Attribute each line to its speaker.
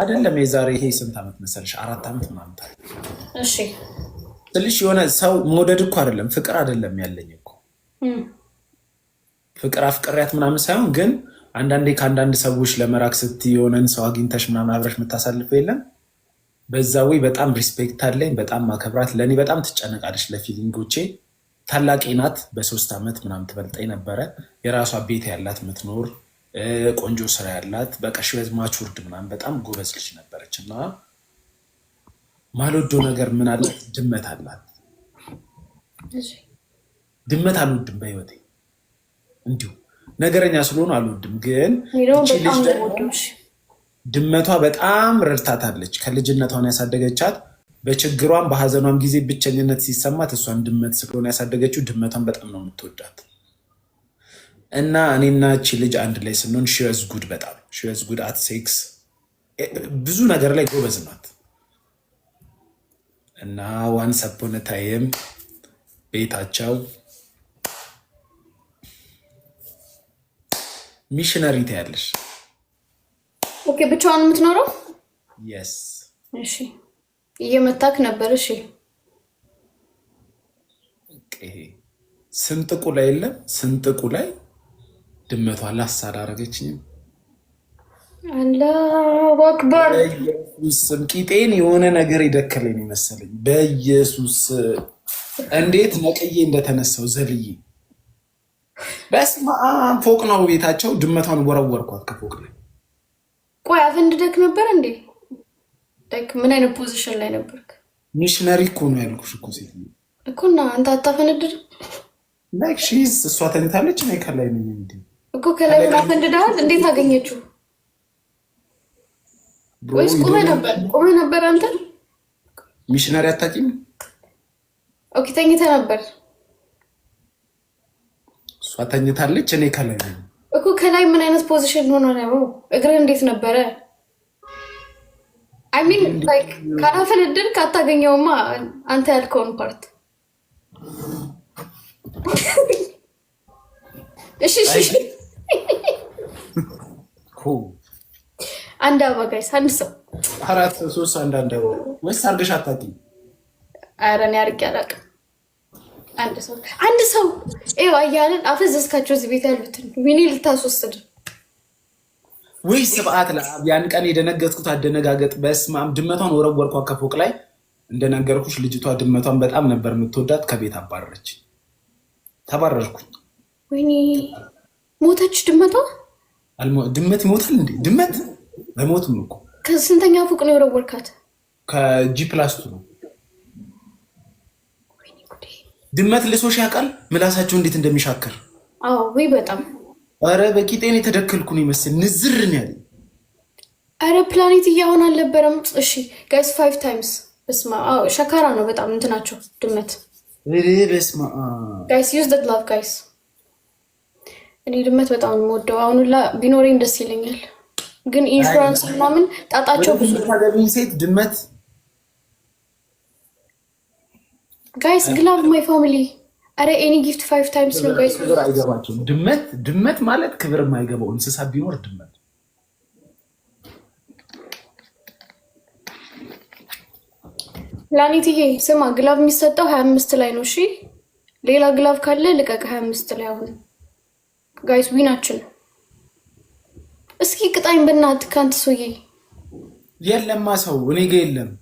Speaker 1: አይደለም የዛሬ ይሄ ስንት ዓመት መሰለሽ? አራት ዓመት ምናምን ትልሽ የሆነ ሰው መውደድ እኮ አይደለም ፍቅር አይደለም ያለኝ እኮ ፍቅር አፍቅሪያት ምናምን ሳይሆን ግን አንዳንዴ ከአንዳንድ ሰዎች ለመራቅ ስትይ የሆነን ሰው አግኝተሽ ምናምን አብረሽ የምታሳልፈ የለም። በዛ ወይ በጣም ሪስፔክት አለኝ፣ በጣም ማከብራት፣ ለእኔ በጣም ትጨነቃለች፣ ለፊሊንጎቼ ታላቅ ናት። በሶስት ዓመት ምናምን ትበልጠኝ ነበረ። የራሷ ቤት ያላት የምትኖር ቆንጆ ስራ ያላት በቃ ሽበት ማቹርድ ምናምን በጣም ጎበዝ ልጅ ነበረች። እና ማልወደው ነገር ምን አላት? ድመት አላት። ድመት አልወድም በህይወቴ እንዲሁ ነገረኛ ስለሆኑ አልወድም። ግን ድመቷ በጣም ረድታታለች። ከልጅነቷን ያሳደገቻት በችግሯም በሀዘኗም ጊዜ ብቸኝነት ሲሰማት እሷን ድመት ስለሆነ ያሳደገችው ድመቷን በጣም ነው የምትወዳት። እና እኔና እቺ ልጅ አንድ ላይ ስንሆን ሽዝ ጉድ በጣም ሽዝ ጉድ አት ሴክስ ብዙ ነገር ላይ ጎበዝ ናት። እና ዋን ሰፖነ ታይም ቤታቸው ሚሽነሪ ታያለሽ።
Speaker 2: ኦኬ ብቻዋን የምትኖረው የስ እሺ፣ እየመታክ ነበር። እሺ
Speaker 1: ስንጥቁ ላይ የለም ስንጥቁ ላይ ድመቷ ላስ አላረገችኝም።
Speaker 2: አላሁ አክበር።
Speaker 1: በኢየሱስም ቂጤን የሆነ ነገር ይደከለኝ መሰለኝ። በኢየሱስ እንዴት ነቅዬ እንደተነሳው ዘልዬ በስመ አብ። ፎቅ ነው ቤታቸው። ድመቷን ወረወርኳት ከፎቅ ላይ።
Speaker 2: ቆይ አፍ እንድደክ ነበር እንዴ? ምን አይነት ፖዚሽን ላይ ነበርክ?
Speaker 1: ሚሽነሪ እኮ ነው ያልኩሽ እኮ ሴት
Speaker 2: እኮና አንተ አታፈነድድም?
Speaker 1: ላይክ ሺዝ እሷ ተኝታለች። ከላይ ነው እንዴ
Speaker 2: እኮ ከላይ ፈንድደሃል። እንዴት አገኘችው? ወይስ ቁመህ ነበር? ቁመህ ነበር አንተ
Speaker 1: ሚሽነሪ አታውቂም?
Speaker 2: ኦኬ ተኝተ ነበር።
Speaker 1: እሷ ተኝታለች፣ እኔ ከላይ ነው
Speaker 2: እኮ። ከላይ ምን አይነት ፖዚሽን ሆኖ ነው? እግርህ እንዴት ነበረ? አይሚን ላይክ ካላፈነደድክ አታገኘውማ። አንተ ያልከውን ፓርት እሺ እሺ አንድ አበባ ጋይስ፣ አንድ ሰው
Speaker 1: አራት ሶስት አንድ አንድ አበባ ወይስ አርገሽ አታውቂም?
Speaker 2: ኧረ እኔ አላውቅም። አንድ ሰው አንድ ሰው ይኸው አያልን አፈዘዝካቸው። እዚህ ቤት ያሉትን ልታስወስድ
Speaker 1: ወይ ስብዓት ለአብ። ያን ቀን የደነገጥኩት አደነጋገጥ ድመቷን ወረወርኳ ከፎቅ ላይ እንደነገርኩሽ። ልጅቷ ድመቷን በጣም ነበር የምትወዳት። ከቤት አባረረች። ተባረርኩኝ።
Speaker 2: ወይኔ ሞተች ድመቷ።
Speaker 1: ድመት ይሞታል እንዴ? ድመት አይሞትም እኮ።
Speaker 2: ከስንተኛ ፎቅ ነው የወረወርካት?
Speaker 1: ከጂ ፕላስቱ ነው። ድመት ልሶሽ ያውቃል ምላሳቸው እንዴት እንደሚሻከር ወይ በጣም አረ በቂጤን የተደከልኩን ይመስል ንዝርን ያለ
Speaker 2: አረ ፕላኔት እያሆን አልነበረም። እሺ ጋይስ ፋይቭ ታይምስ በስማ ሸካራ ነው በጣም እንትናቸው ድመት በስማ ጋይስ ዩዝ ዳት ላቭ ጋይስ እኔ ድመት በጣም ነው የምወደው። አሁን ሁላ ቢኖሬም ደስ ይለኛል፣ ግን ኢንሹራንስ ምናምን ጣጣቸው ብዙ ሴት ድመት ጋይስ ግላ ማይ ፋሚሊ አረ ኤኒ ጊፍት ፋይቭ ታይምስ ነው ጋይስ።
Speaker 1: ድመት ድመት ማለት ክብር የማይገባው እንስሳ ቢኖር ድመት
Speaker 2: ላኒትዬ ስማ ግላቭ የሚሰጠው ሀያ አምስት ላይ ነው። እሺ ሌላ ግላቭ ካለ ልቀቅ ሀያ አምስት ላይ አሁን ጋይስ ዊናችን ነው። እስኪ ቅጣኝ በእናትህ ከአንተ ሰውዬ
Speaker 1: የለም ማሰው እኔ ጋ የለም